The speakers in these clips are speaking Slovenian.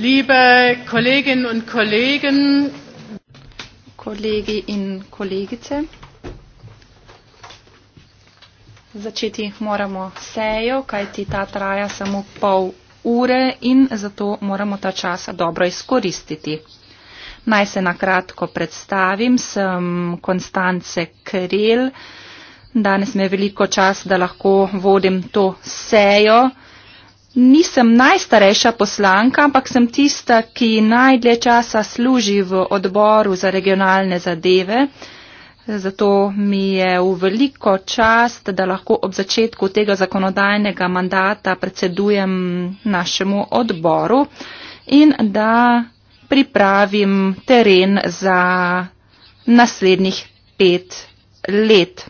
Liebe Kolleginnen und Kollegen, Kollegi in Kollegice, začeti moramo sejo, kajti ta traja samo pol ure in zato moramo ta čas dobro izkoristiti. Naj se na kratko predstavim, sem Konstance Krel. Danes mi je veliko čas, da lahko vodim to sejo nisem najstarejša poslanka, ampak sem tista, ki najdlje časa služi v odboru za regionalne zadeve. Zato mi je v veliko čast, da lahko ob začetku tega zakonodajnega mandata predsedujem našemu odboru in da pripravim teren za naslednjih pet let.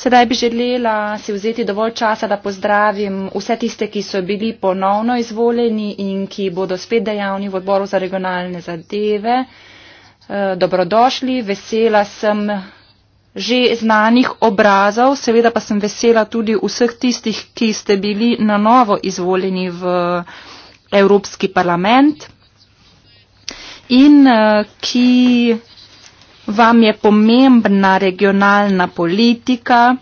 Sedaj bi želela si vzeti dovolj časa, da pozdravim vse tiste, ki so bili ponovno izvoljeni in ki bodo spet dejavni v odboru za regionalne zadeve. Eh, dobrodošli, vesela sem že znanih obrazov, seveda pa sem vesela tudi vseh tistih, ki ste bili na novo izvoljeni v Evropski parlament in eh, ki vam je pomembna regionalna politika.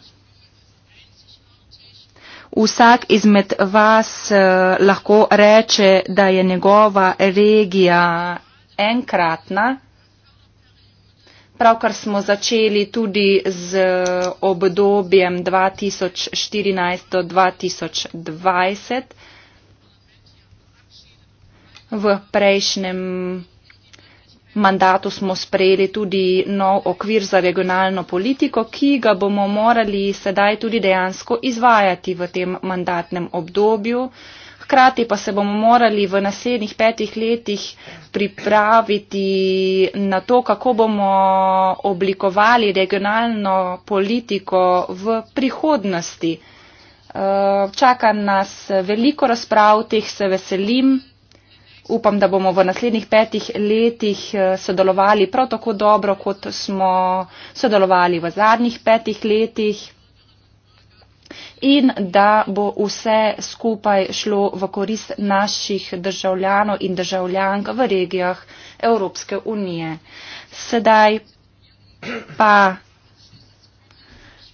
Vsak izmed vas eh, lahko reče, da je njegova regija enkratna. Pravkar smo začeli tudi z eh, obdobjem 2014-2020. V prejšnjem mandatu smo sprejeli tudi nov okvir za regionalno politiko, ki ga bomo morali sedaj tudi dejansko izvajati v tem mandatnem obdobju. Hkrati pa se bomo morali v naslednjih petih letih pripraviti na to, kako bomo oblikovali regionalno politiko v prihodnosti. Eh, čaka nas veliko razprav, teh se veselim upam, da bomo v naslednjih petih letih eh, sodelovali prav tako dobro, kot smo sodelovali v zadnjih petih letih in da bo vse skupaj šlo v korist naših državljanov in državljank v regijah Evropske unije. Sedaj pa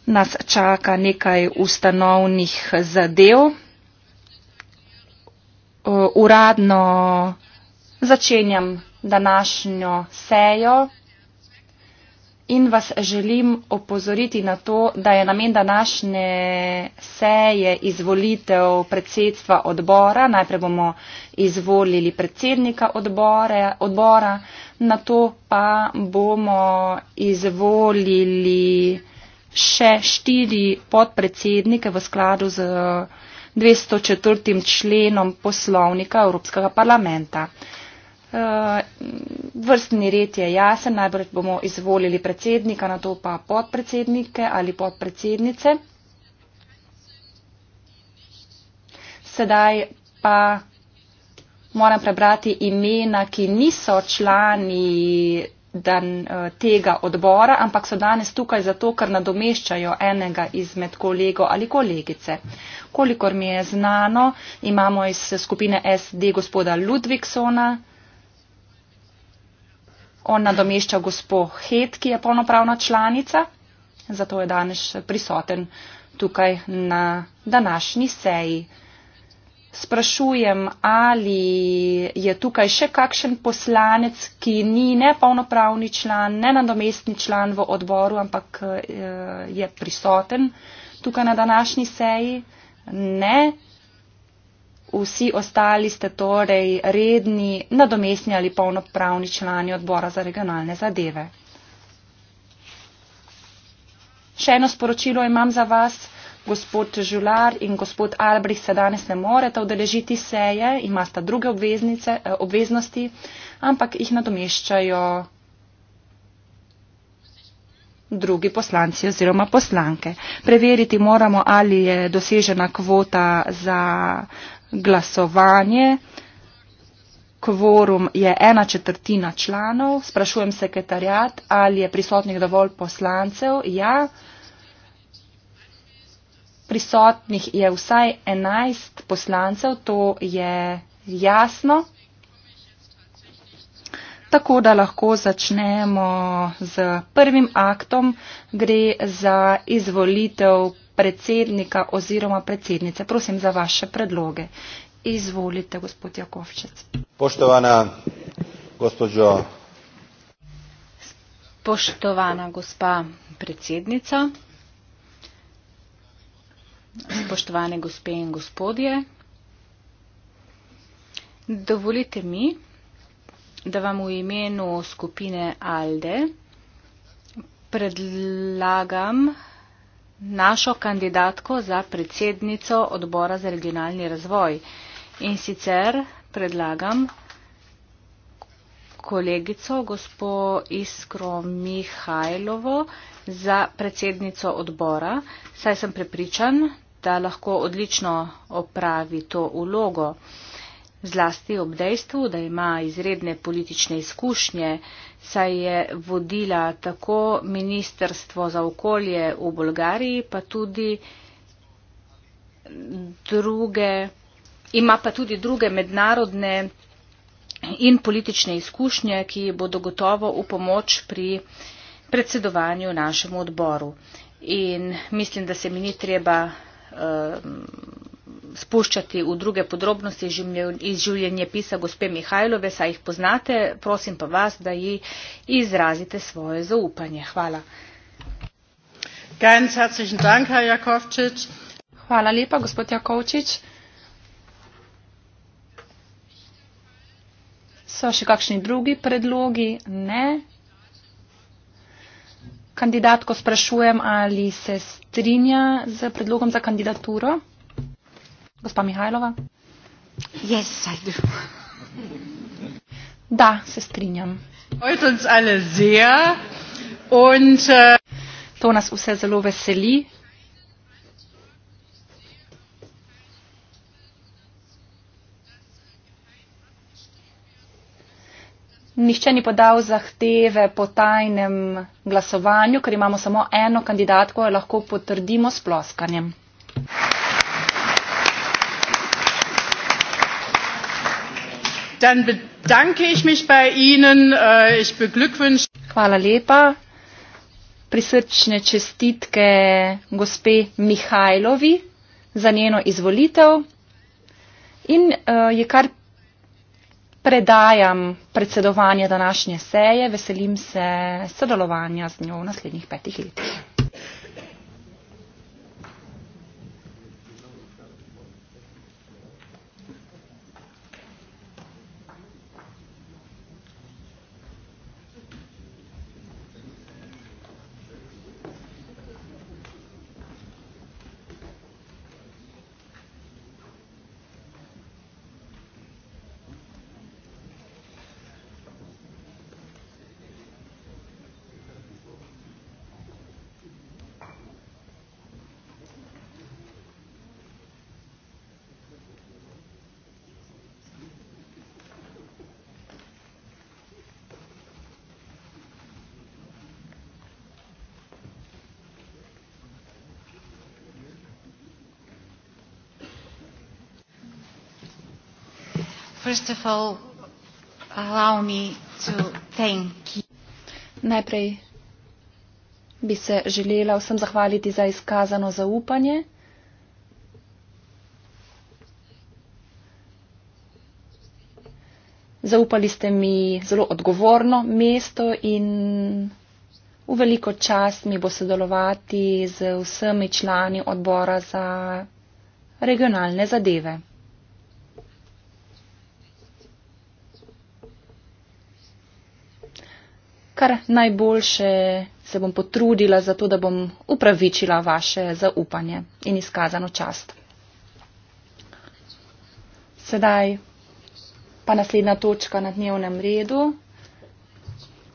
nas čaka nekaj ustanovnih zadev uh, uradno začenjam današnjo sejo in vas želim opozoriti na to, da je namen današnje seje izvolitev predsedstva odbora. Najprej bomo izvolili predsednika odbore, odbora, na to pa bomo izvolili še štiri podpredsednike v skladu z uh, 204. členom poslovnika Evropskega parlamenta. Eh, vrstni red je jasen, najbrž bomo izvolili predsednika, na to pa podpredsednike ali podpredsednice. Sedaj pa moram prebrati imena, ki niso člani dan eh, tega odbora, ampak so danes tukaj zato, ker nadomeščajo enega izmed kolego ali kolegice. Kolikor mi je znano, imamo iz skupine SD gospoda Ludviksona, on nadomešča gospo Het, ki je polnopravna članica, zato je danes prisoten tukaj na današnji seji sprašujem, ali je tukaj še kakšen poslanec, ki ni ne polnopravni član, ne nadomestni član v odboru, ampak eh, je prisoten tukaj na današnji seji. Ne. Vsi ostali ste torej redni, nadomestni ali polnopravni člani odbora za regionalne zadeve. Še eno sporočilo imam za vas gospod Žular in gospod Albrih se danes ne moreta udeležiti seje, imata druge eh, obveznosti, ampak jih nadomeščajo drugi poslanci oziroma poslanke. Preveriti moramo, ali je dosežena kvota za glasovanje. Kvorum je ena četrtina članov. Sprašujem sekretarjat, ali je prisotnih dovolj poslancev. Ja prisotnih je vsaj 11 poslancev, to je jasno. Tako da lahko začnemo z prvim aktom, gre za izvolitev predsednika oziroma predsednice. Prosim za vaše predloge. Izvolite, gospod Jakovčec. Poštovana gospođo. Poštovana gospa predsednica, spoštovane gospe in gospodje. Dovolite mi, da vam v imenu skupine ALDE predlagam našo kandidatko za predsednico odbora za regionalni razvoj. In sicer predlagam kolegico gospo Iskro Mihajlovo za predsednico odbora, saj sem prepričan, da lahko odlično opravi to ulogo, zlasti ob dejstvu, da ima izredne politične izkušnje, saj je vodila tako Ministrstvo za okolje v Bolgariji, pa tudi druge, ima pa tudi druge mednarodne in politične izkušnje, ki bodo gotovo v pomoč pri predsedovanju našemu odboru. In mislim, da se mi ni treba Eh, spuščati v druge podrobnosti iz življenja pisa gospe Mihajlove, saj jih poznate, prosim pa vas, da ji izrazite svoje zaupanje. Hvala. Ganz herzlichen Dank, Herr Jakovčič. Hvala lepa, gospod Jakovčič. So še kakšni drugi predlogi? Ne kandidatko sprašujem, ali se strinja z predlogom za kandidaturo. Gospa Mihajlova. Yes, da, se strinjam. Und, uh... To nas vse zelo veseli. Nihče ni podal zahteve po tajnem glasovanju, ker imamo samo eno kandidatko, jo lahko potrdimo s ploskanjem. Äh, Hvala lepa. Prisrčne čestitke gospe Mihajlovi za njeno izvolitev. In uh, je kar predajam predsedovanje današnje seje, veselim se sodelovanja z njo v naslednjih petih letih. First of all, allow me to thank Najprej bi se želela vsem zahvaliti za izkazano zaupanje. Zaupali ste mi zelo odgovorno mesto in v veliko čast mi bo sodelovati z vsemi člani odbora za regionalne zadeve. kar najboljše se bom potrudila za to, da bom upravičila vaše zaupanje in izkazano čast. Sedaj pa naslednja točka na dnevnem redu.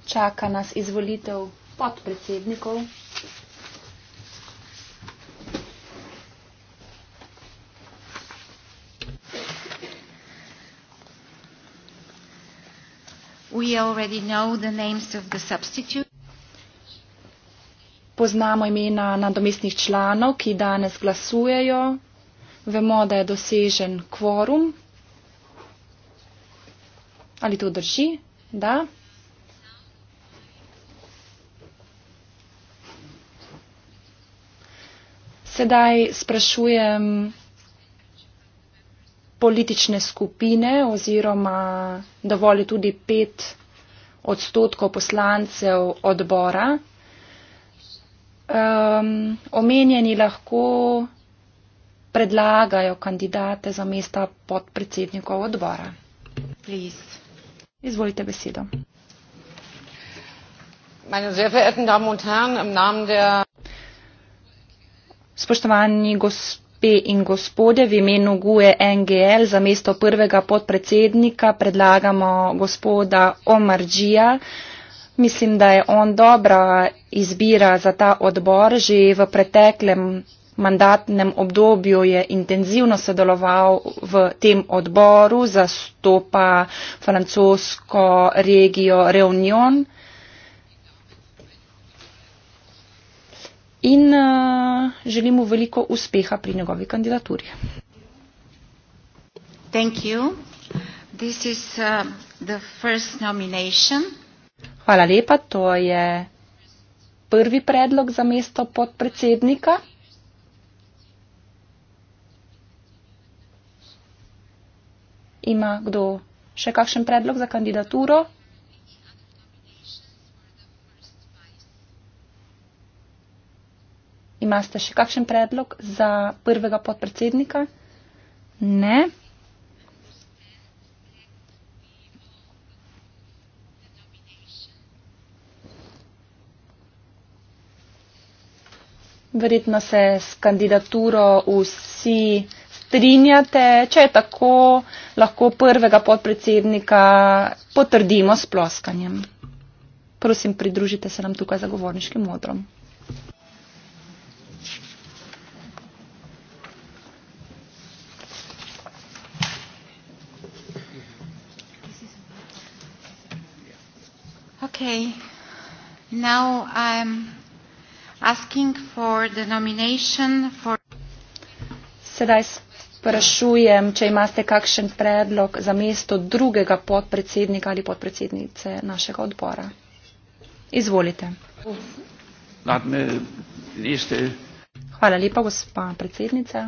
Čaka nas izvolitev podpredsednikov. We already know the names of the substitute. Poznamo imena nadomestnih članov, ki danes glasujejo. Vemo, da je dosežen kvorum. Ali to drži? Da. Sedaj sprašujem politične skupine oziroma dovolj tudi pet odstotkov poslancev odbora. Um, omenjeni lahko predlagajo kandidate za mesta podpredsednikov odbora. Please. Izvolite besedo. Spoštovani gospod gospe in gospode, v imenu GUE NGL za mesto prvega podpredsednika predlagamo gospoda Omar Džija. Mislim, da je on dobra izbira za ta odbor. Že v preteklem mandatnem obdobju je intenzivno sodeloval v tem odboru, zastopa francosko regijo Reunion. in uh, eh, želim mu veliko uspeha pri njegovi kandidaturi. Is, uh, Hvala lepa, to je prvi predlog za mesto podpredsednika. Ima kdo še kakšen predlog za kandidaturo? Imate še kakšen predlog za prvega podpredsednika? Ne. Verjetno se s kandidaturo vsi strinjate. Če je tako, lahko prvega podpredsednika potrdimo s ploskanjem. Prosim, pridružite se nam tukaj za govorniškim modrom. Okay. Now I'm asking for the nomination for Sedaj sprašujem, če imate kakšen predlog za mesto drugega podpredsednika ali podpredsednice našega odbora. Izvolite. Hvala lepa, gospa predsednica.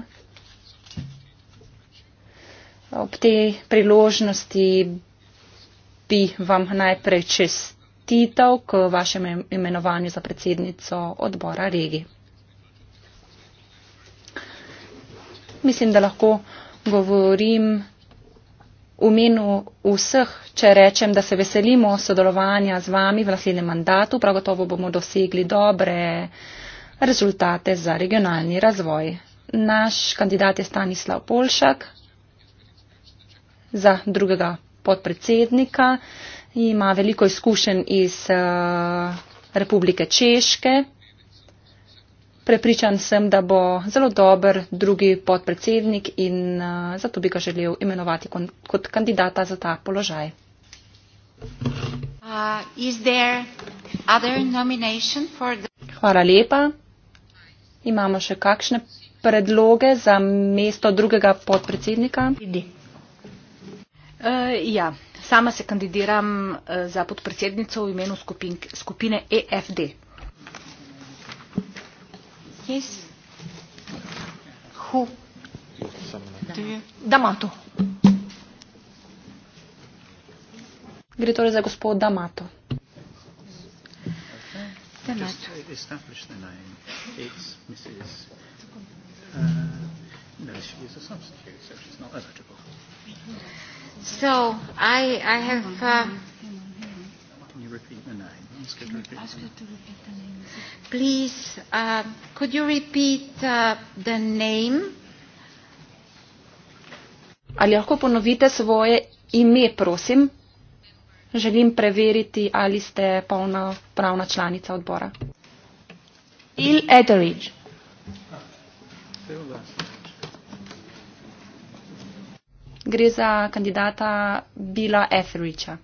Ob tej priložnosti bi vam najprej čest čestitev k vašem imenovanju za predsednico odbora regi. Mislim, da lahko govorim v imenu vseh, če rečem, da se veselimo sodelovanja z vami v naslednjem mandatu. Prav gotovo bomo dosegli dobre rezultate za regionalni razvoj. Naš kandidat je Stanislav Polšak za drugega podpredsednika ima veliko izkušenj iz eh, Republike Češke. Prepričan sem, da bo zelo dober drugi podpredsednik in eh, zato bi ga želel imenovati kot kandidata za ta položaj. Uh, Hvala lepa. Imamo še kakšne predloge za mesto drugega podpredsednika? Uh, ja. Sama se kandidiram eh, za podpredsednico v imenu skupin, skupine EFD. Yes. Damato. Gre torej za gospod Damato. Damato. So I, I have. Uh, Can you repeat the name? Ask her to repeat the name. Please, uh, could you repeat uh, the name? Ali lahko ponovite svoje ime, prosim? Želim preveriti, ali ste polna pravna članica odbora. Il Etheridge. Ah, gre za kandidata Bila Etheridgea.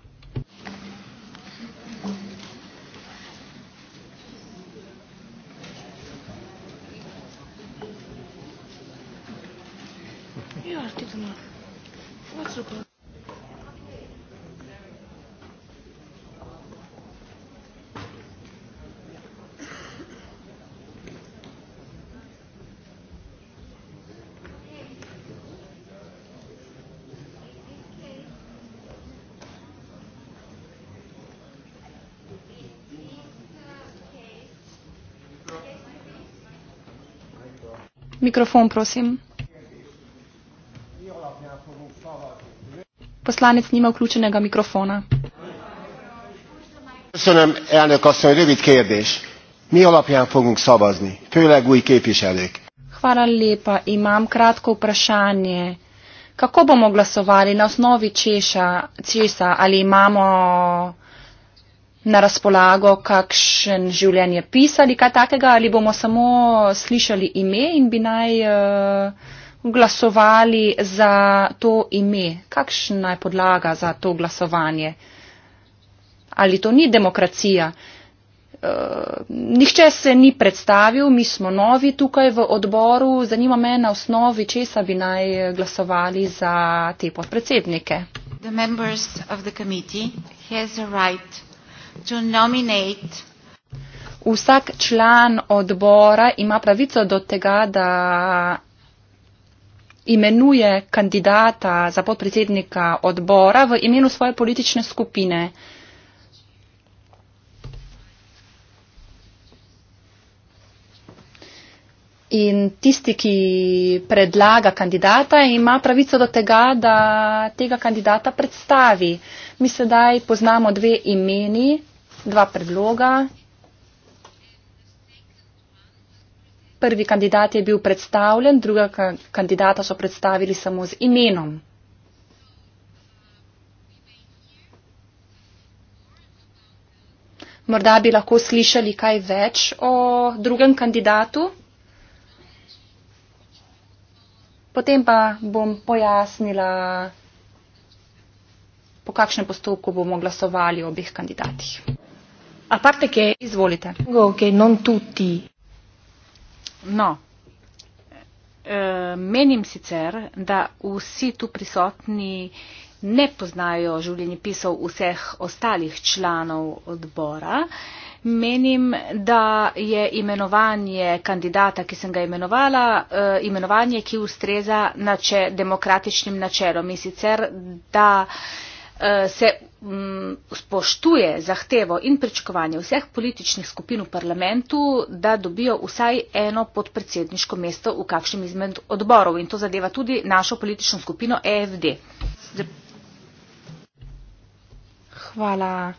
Mikrofon, prosim. Poslanec nima vključenega mikrofona. Köszönöm, elnök asszony, rövid kérdés. Mi alapján fogunk szavazni, főleg új képviselők? Hvala lepa, imam kratko vprašanje. Kako bomo glasovali na osnovi Česa, Česa ali imamo na razpolago kakšen življenje pis ali kaj takega, ali bomo samo slišali ime in bi naj uh, glasovali za to ime. Kakšna je podlaga za to glasovanje? Ali to ni demokracija? Uh, nihče se ni predstavil, mi smo novi tukaj v odboru. Zanima me na osnovi, česa bi naj eh, glasovali za te podpredsednike. Vsak član odbora ima pravico do tega, da imenuje kandidata za podpredsednika odbora v imenu svoje politične skupine. In tisti, ki predlaga kandidata, ima pravico do tega, da tega kandidata predstavi. Mi sedaj poznamo dve imeni, dva predloga. Prvi kandidat je bil predstavljen, druga kandidata so predstavili samo z imenom. Morda bi lahko slišali kaj več o drugem kandidatu. potem pa bom pojasnila, po kakšnem postopku bomo glasovali o obih kandidatih. A parte che, izvolite. Ok, non tutti. No, e, menim sicer, da vsi tu prisotni ne poznajo življenjepisov vseh ostalih članov odbora. E, Menim, da je imenovanje kandidata, ki sem ga imenovala, eh, imenovanje, ki ustreza nače, demokratičnim načelom in sicer, da eh, se mm, spoštuje zahtevo in pričakovanje vseh političnih skupin v parlamentu, da dobijo vsaj eno podpredsedniško mesto v kakšnem izmed odborov in to zadeva tudi našo politično skupino EFD. Hvala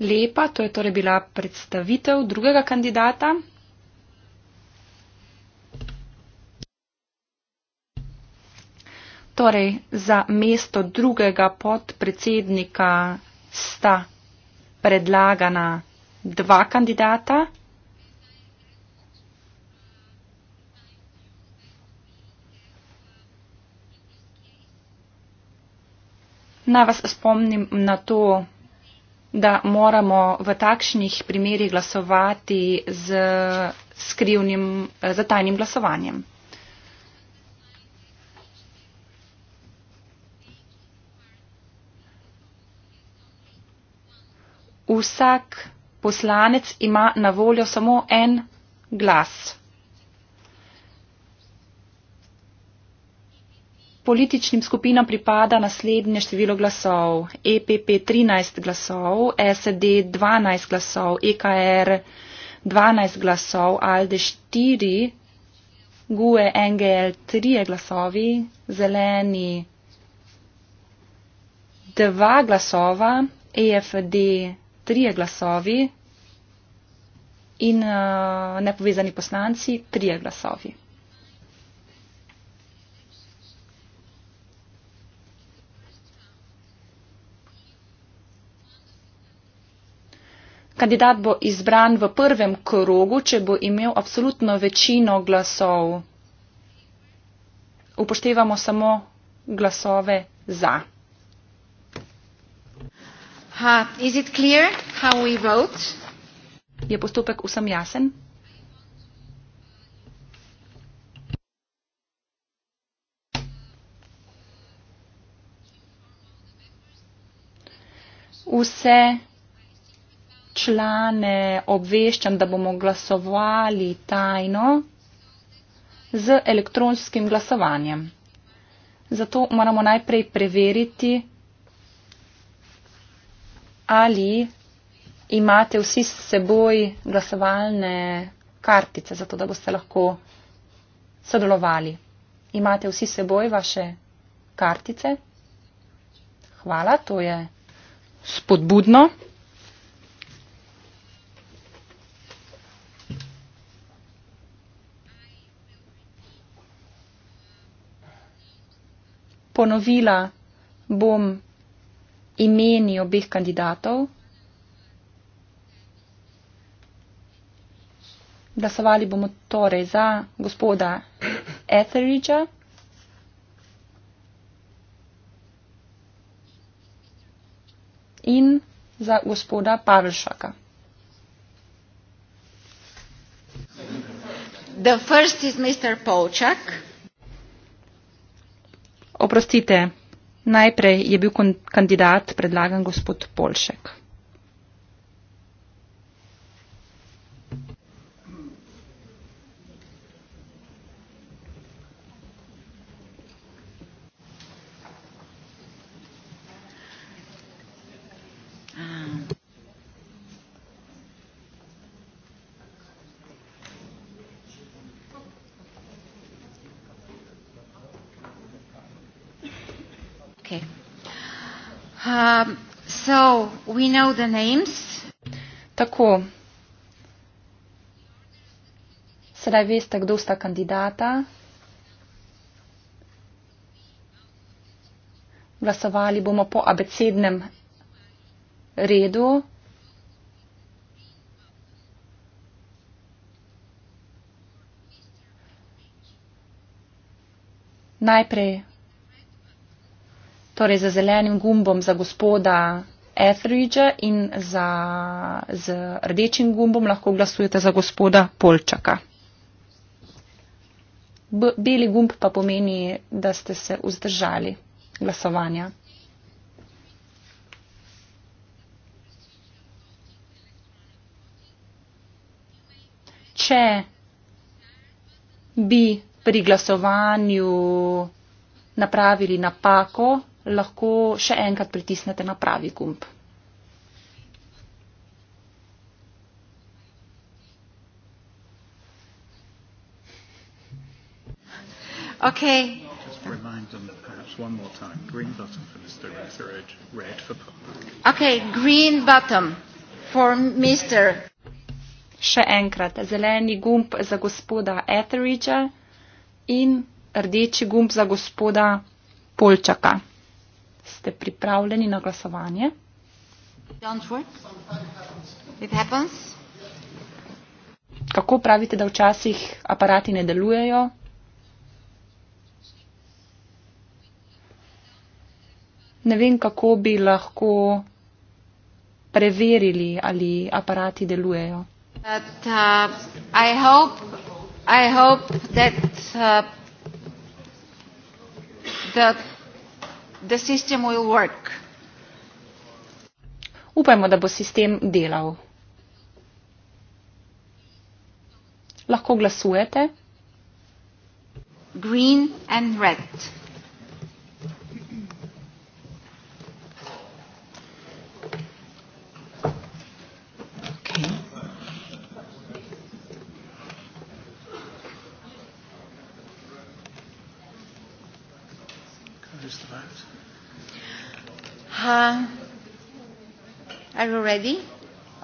lepa, to je torej bila predstavitev drugega kandidata. Torej, za mesto drugega podpredsednika sta predlagana dva kandidata. Naj vas spomnim na to, da moramo v takšnih primerjih glasovati z skrivnim, eh, z tajnim glasovanjem. Vsak poslanec ima na voljo samo en glas. političnim skupinam pripada naslednje število glasov. EPP 13 glasov, SED 12 glasov, EKR 12 glasov, ALDE 4, GUE NGL 3 glasovi, zeleni 2 glasova, EFD 3 glasovi in uh, nepovezani poslanci 3 glasovi. Kandidat bo izbran v prvem krogu, če bo imel absolutno večino glasov. Upoštevamo samo glasove za. Uh, Je postopek vsem jasen? Vse člane obveščam, da bomo glasovali tajno z elektronskim glasovanjem. Zato moramo najprej preveriti, ali imate vsi s seboj glasovalne kartice, zato da boste lahko sodelovali. Imate vsi s seboj vaše kartice? Hvala, to je spodbudno. ponovila bom imeni obeh kandidatov. Glasovali bomo torej za gospoda Etheridgea. In za gospoda Pavelšaka. The first is Mr. Polčak. Oprostite, najprej je bil kandidat predlagan gospod Polšek. We know the names. Tako. Sedaj veste, kdo sta kandidata. Glasovali bomo po abecednem redu. Najprej, torej za zelenim gumbom za gospoda Etheridge in za, z rdečim gumbom lahko glasujete za gospoda Polčaka. B beli gumb pa pomeni, da ste se vzdržali glasovanja. Če bi pri glasovanju napravili napako, lahko še enkrat pritisnete na pravi gumb. Okay. Okay, green button for Mr. Še enkrat, zeleni gumb za gospoda Etheridge in rdeči gumb za gospoda Polčaka ste pripravljeni na glasovanje? Kako pravite, da včasih aparati ne delujejo? Ne vem, kako bi lahko preverili, ali aparati delujejo. But, uh, I hope, I hope that, uh, the system will work. Upajmo, da bo sistem delal. Lahko glasujete. Green and red. Uh,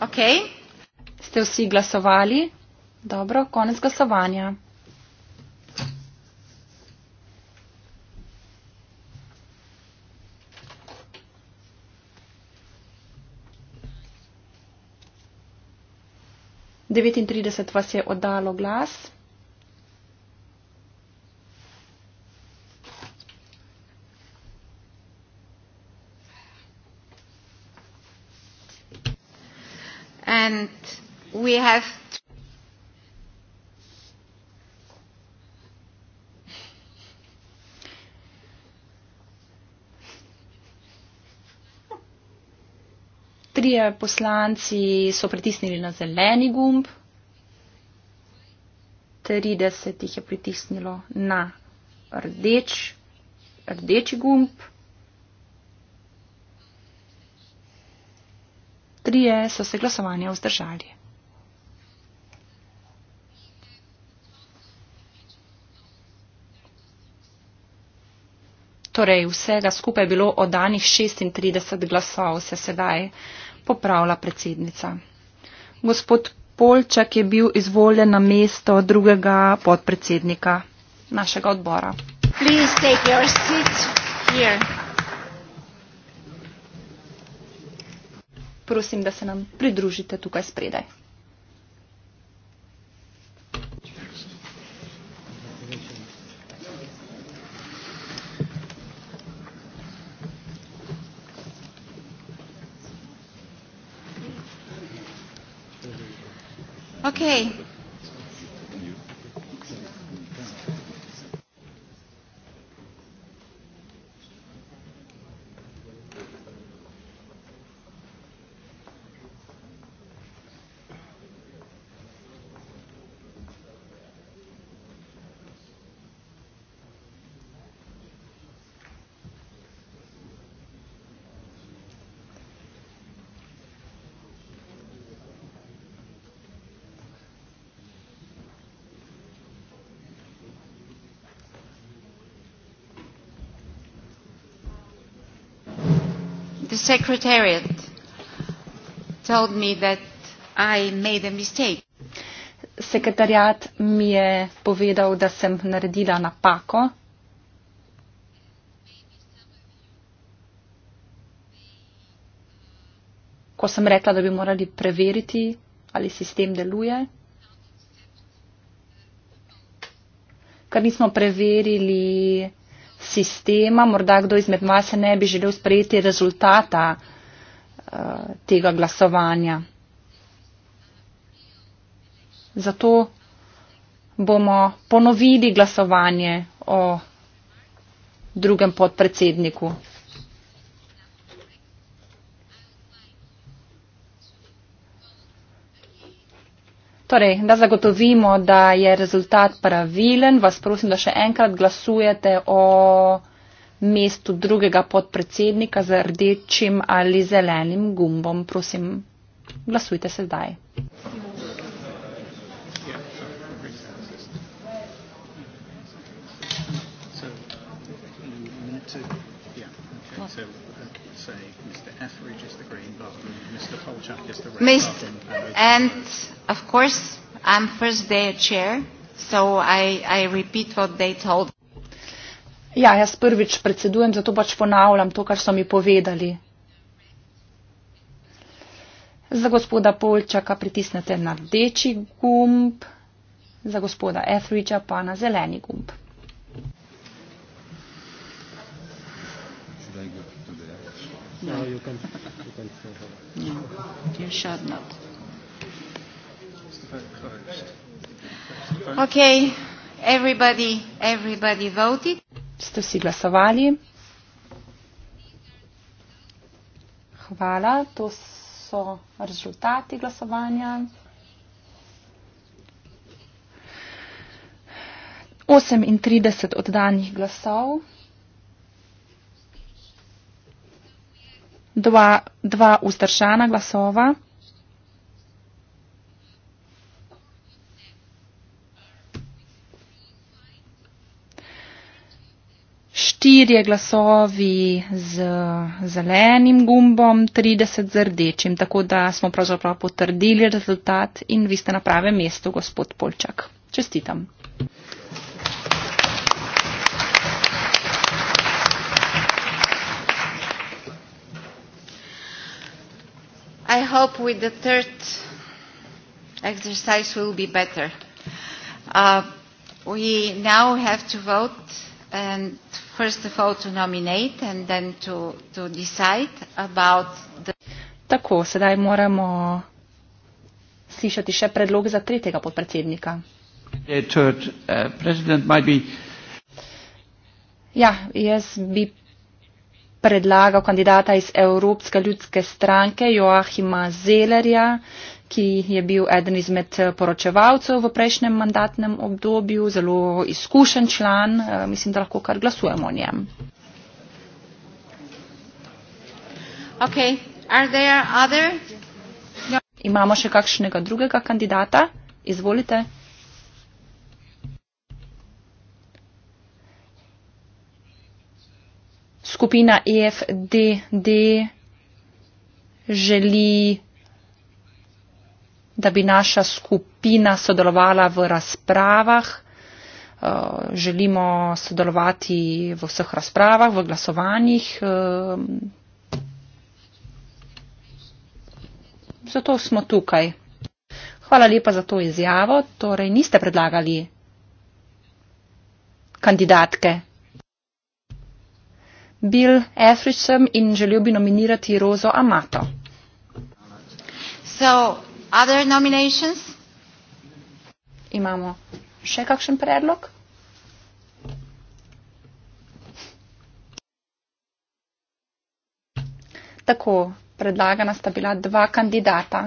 okay. Ste vsi glasovali? Dobro, konec glasovanja. Devetintrideset vas je oddalo glas. have Trije poslanci so pritisnili na zeleni gumb, 30 jih je pritisnilo na rdeč, rdeči gumb, trije so se glasovanja vzdržali. torej vsega skupaj je bilo oddanih 36 glasov, se sedaj popravlja predsednica. Gospod Polčak je bil izvoljen na mesto drugega podpredsednika našega odbora. Prosim, da se nam pridružite tukaj spredaj. okay. secretariat told me that I made a mistake. Sekretariat mi je povedal, da sem naredila napako. Ko sem rekla, da bi morali preveriti, ali sistem deluje, ker nismo preverili sistema, morda kdo izmed vas ne bi želel sprejeti rezultata eh, tega glasovanja. Zato bomo ponovili glasovanje o drugem podpredsedniku. Torej, da zagotovimo, da je rezultat pravilen, vas prosim, da še enkrat glasujete o mestu drugega podpredsednika z rdečim ali zelenim gumbom. Prosim, glasujte se zdaj. So, yeah, okay. so, okay. Uh, so, okay. Etheridge is the green button, Mr. Polchak is the red Mist button. And, of course, I'm first day chair, so I, I repeat what they told me. Ja, jaz prvič predsedujem, zato pač ponavljam to, kar so mi povedali. Za gospoda Polčaka pritisnete na rdeči gumb, za gospoda Etheridgea pa na zeleni gumb. No, no, you can, you can say hello. No, dear Shadnat. Okay, everybody, everybody voted. Ste vsi glasovali? Hvala, to so rezultati glasovanja. 38 oddanih glasov. dva, dva ustršana glasova. Štirje glasovi z zelenim gumbom, 30 z rdečim, tako da smo pravzaprav potrdili rezultat in vi ste na pravem mestu, gospod Polčak. Čestitam. hope with the third exercise will be better. Uh, we now have to vote and first of all to nominate and then to, to decide about the... Tako, sedaj moramo slišati še predlog za tretjega podpredsednika. Third, uh, be... Ja, jaz bi predlagal kandidata iz Evropske ljudske stranke Joachima Zelerja, ki je bil eden izmed eh, poročevalcev v prejšnjem mandatnem obdobju, zelo izkušen član, eh, mislim, da lahko kar glasujemo o njem. Okay. No. Imamo še kakšnega drugega kandidata? Izvolite. skupina EFDD želi, da bi naša skupina sodelovala v razpravah. Eh, želimo sodelovati v vseh razpravah, v glasovanjih. Eh. Zato smo tukaj. Hvala lepa za to izjavo. Torej, niste predlagali kandidatke. Bill Efrisem in želel bi nominirati Rozo Amato. So, other nominations? Imamo še kakšen predlog? Tako, predlagana sta bila dva kandidata.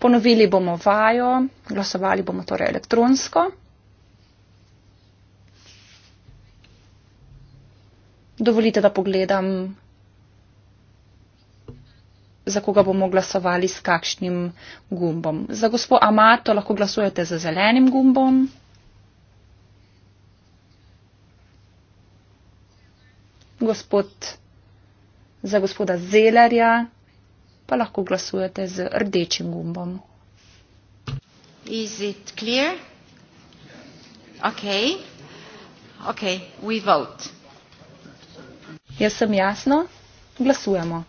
Ponovili bomo vajo, glasovali bomo torej elektronsko. dovolite, da pogledam, za koga bomo glasovali s kakšnim gumbom. Za gospo Amato lahko glasujete z zelenim gumbom. Gospod, za gospoda Zelerja pa lahko glasujete z rdečim gumbom. Is it clear? Okay. Okay, we vote. Jaz sem jasno, glasujemo.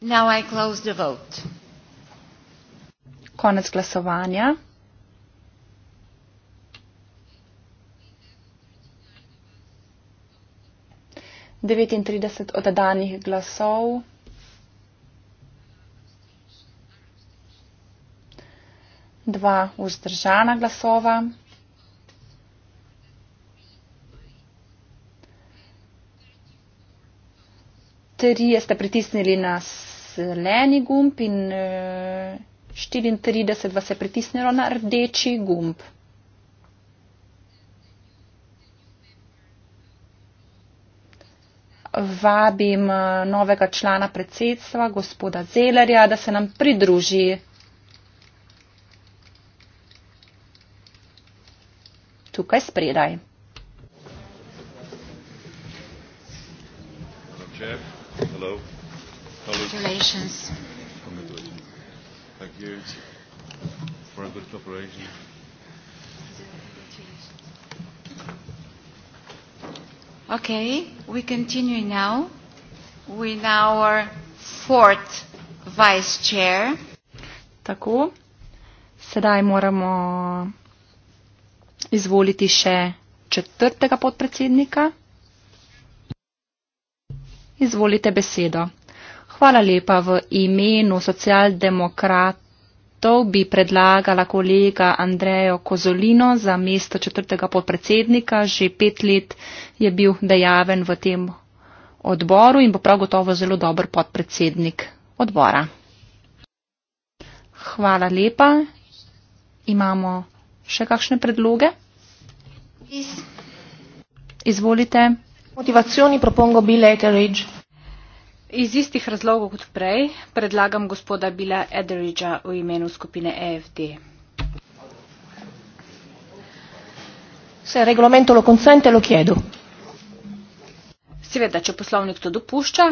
Now I close the vote. Konec glasovanja. 39 oddanih glasov. Dva vzdržana glasova. Trije ste pritisnili na zeleni gumb in 34 eh, vas je pritisnilo na rdeči gumb. vabim eh, novega člana predsedstva, gospoda Zelerja, da se nam pridruži. Tukaj spredaj. Congratulations. Congratulations. Thank you for a good cooperation. Okay, we continue now with our fourth vice chair. Tako, sedaj moramo izvoliti še četrtega podpredsednika. Izvolite besedo. Hvala lepa v imenu socialdemokrat, kandidatov bi predlagala kolega Andrejo Kozolino za mesto četrtega podpredsednika. Že pet let je bil dejaven v tem odboru in bo prav gotovo zelo dober podpredsednik odbora. Hvala lepa. Imamo še kakšne predloge? Izvolite. Motivacioni propongo bi letter age iz istih razlogov kot prej predlagam gospoda Bila Ederidža v imenu skupine EFD. Se reglamento lo consente, lo chiedo. Seveda, če poslovnik to dopušča,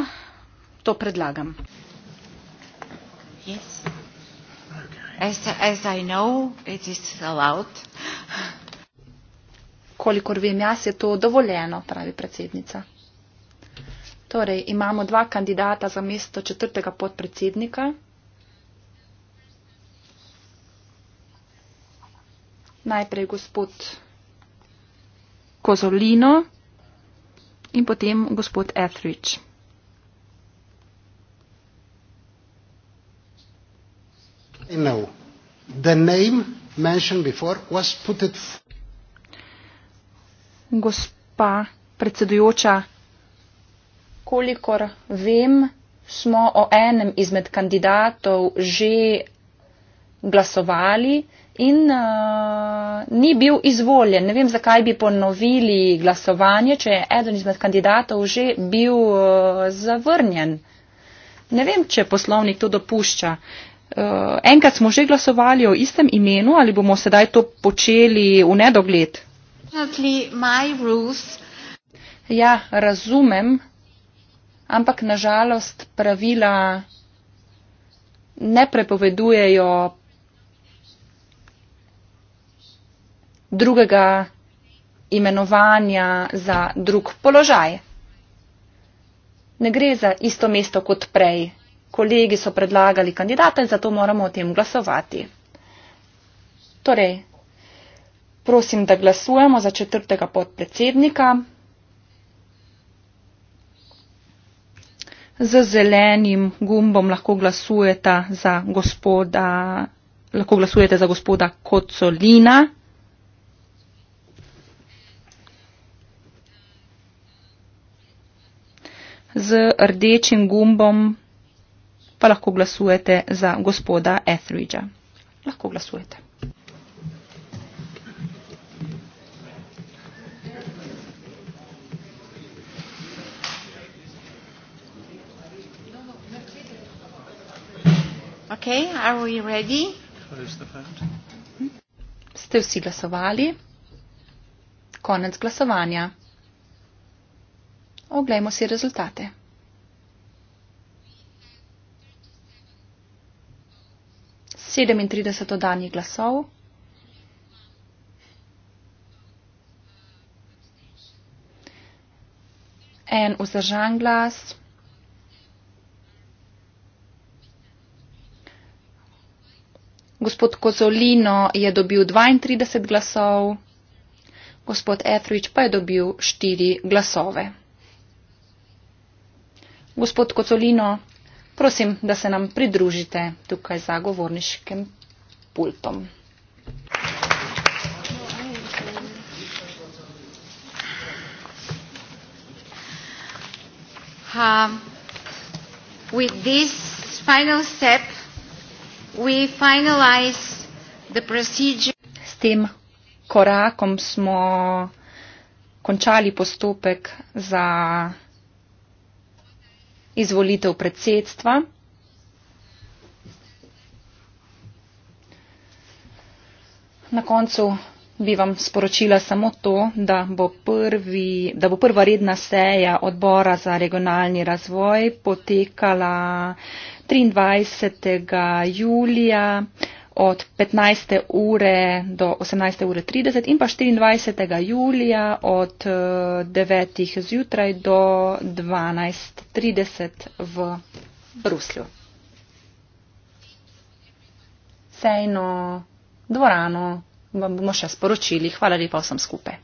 to predlagam. Yes. Okay. As, as I know, it is allowed. Kolikor vem jaz, je to dovoljeno, pravi predsednica. Torej, imamo dva kandidata za mesto četrtega podpredsednika. Najprej gospod Kozolino in potem gospod Etheridge. No. The name mentioned before was put it. Gospa predsedujoča kolikor vem, smo o enem izmed kandidatov že glasovali in uh, ni bil izvoljen. Ne vem, zakaj bi ponovili glasovanje, če je eden izmed kandidatov že bil uh, zavrnjen. Ne vem, če poslovnik to dopušča. Uh, enkrat smo že glasovali o istem imenu ali bomo sedaj to počeli v nedogled? Ja, razumem, ampak nažalost pravila ne prepovedujejo drugega imenovanja za drug položaj. Ne gre za isto mesto kot prej. Kolegi so predlagali kandidata in zato moramo o tem glasovati. Torej, prosim, da glasujemo za četrtega podpredsednika. z zelenim gumbom lahko glasujete za gospoda, lahko glasujete za gospoda Kocolina. Z rdečim gumbom pa lahko glasujete za gospoda Etheridgea. Lahko glasujete. Ste vsi glasovali? Konec glasovanja. Oglejmo si rezultate. Sedemintrideset oddanih glasov. En vzdržan glas. Gospod Kozolino je dobil 32 glasov, gospod Etrič pa je dobil 4 glasove. Gospod Kozolino, prosim, da se nam pridružite tukaj za govorniškim pultom. Um, with this final step, S tem korakom smo končali postopek za izvolitev predsedstva. Na koncu bi vam sporočila samo to, da bo, prvi, da bo prva redna seja odbora za regionalni razvoj potekala 23. julija od 15. ure do 18. ure 30 in pa 24. julija od 9. Eh, zjutraj do 12.30 v Bruslju. Sejno dvorano vam bomo še sporočili. Hvala lepa vsem skupaj.